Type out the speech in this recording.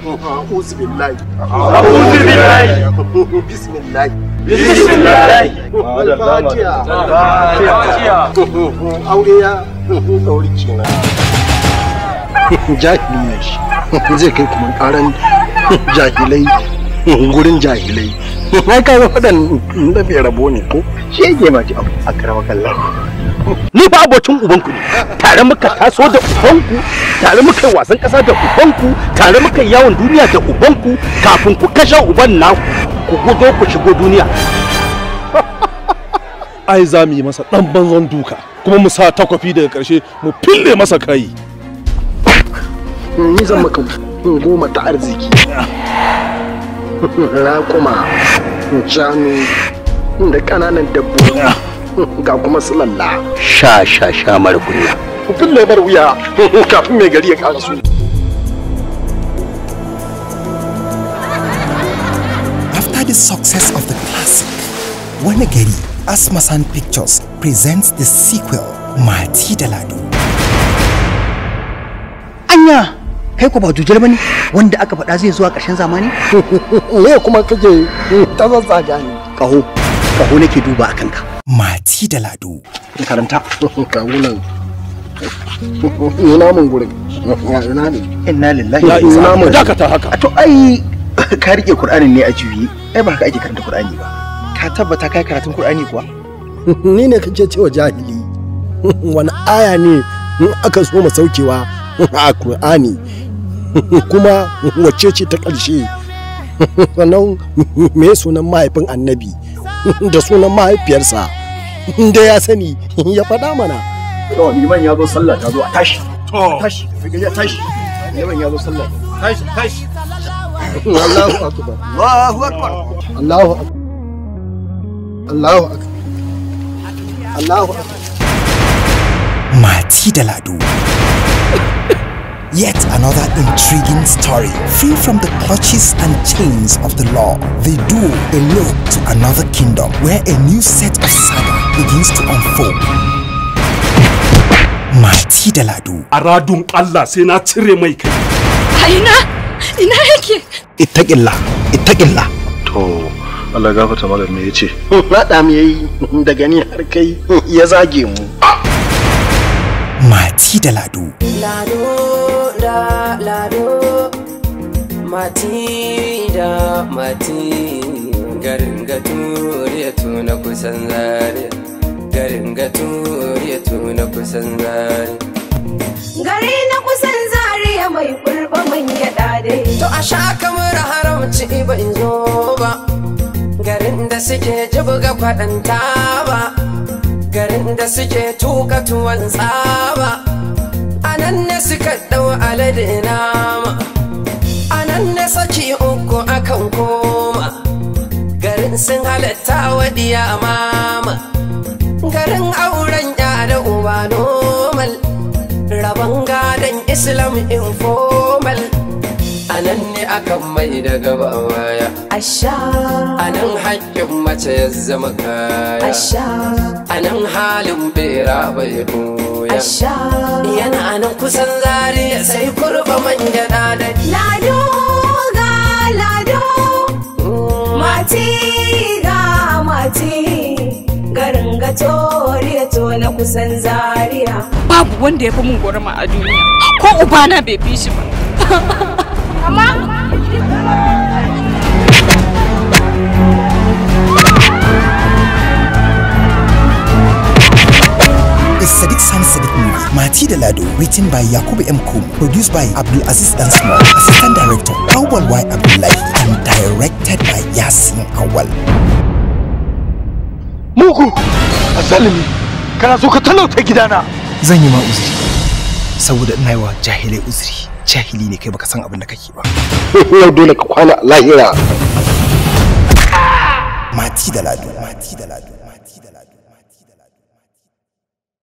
أعوذ بالله أعوذ بالله بسم الله بسم الله الفاتحة الفاتحة أولياء أولياء jahili ne shi zai kai kuma jahilai gurin jahilai na kaga faɗan da rabo ne ko shi yake ma abu a karawa ni ba abocin ubanku ne tare muka taso da ubanku tare muka yi wasan kasa da ubanku tare muka yi yawon duniya da ubanku kafin ku kashe uban na ku gudo ku shigo duniya ai za mu yi masa dan banzon duka kuma mu sa takwafi daga karshe mu fille masa kai ni zan maka goma ta arziki na kuma jami da ƙananan dabbobi ga kuma sulalla sha sha sha mara kunya bin bar wuya kafin mai gari ya su. after the success of the classic gari Asmasan Pictures presents the sequel Mati da Lado Anya kai ku ba jujjar bane wanda aka faɗa zai zuwa ƙarshen zamani? Me kuma kake ta zazzaga ne? kaho nake duba a kanka. mati da lado karanta kawunan ina mun gurin ina ne inna lillahi ya ina mun dakata haka to ai ka rike Qur'ani ne a juyi ai ba haka ake karanta qur'ani ba ka tabbata kai karatun qur'ani kuwa ni ne kake cewa jahili wani aya ne in aka so mu saukewa a qur'ani kuma wacce ce ta ƙarshe sannan me sunan mahaifin annabi da sunan mahaifiyarsa da ya sani ya faɗa mana to liman ya zo sallah ta zo a tashi tashi ya tashi liman ya zo sallah tashi tashi Allahu akbar Allahu akbar Allahu akbar Allahu akbar Allahu akbar Mati da lado Yet another intriguing story, free from the clutches and chains of the law. They do elope to another kingdom where a new set of saga begins to unfold. Mati da ladu. A radun Allah sai na cire mai kai. A ina? Ina yake? Ittaƙilla, ittaƙilla. To, Allah gafata malam me yace? Naɗa mu yayi daga ni har kai ya zage mu. Mati da ladu. Lado. da lado mati da mati garin gaturiya tuna kusan zare garin tuna kusan zare gari na kusan zariya mai kurba man gyada dai to a sha kamar haramci ban zo ba garin da suke jibga kwaɗanta ba garin da suke tuka tuwon tsaba Ananne ne suka ɗau alade nama anan ne saki uku akan koma garin sun halatta wa diya mama garin auren ya da uba normal rabon gadon islam informal anan ne akan mai da gaba waya asha anan haƙƙin mace ya zama kaya asha anan halin bera bai yana nan kusan zari sai kurba manja da lado ga lado mati ga mati garin ga toriya to na kusan zariya babu wanda ya fi mun gorama a duniya ko ubana bai fi shi ba amma Mati de Lado, written by Yakubu M. Kum, produced by Abdul Aziz Dansmo, assistant director Awal Y. Abdullahi, and directed by Yasin Awal. Mugu, azalimi, kana so ka talauta gidana. Zan yi ma uzuri, saboda ina wa jahilai uzuri. Jahili ne kai baka san abin da kake ba. Yau dole ka kwana lahira. Mati da Lado, Mati da Lado.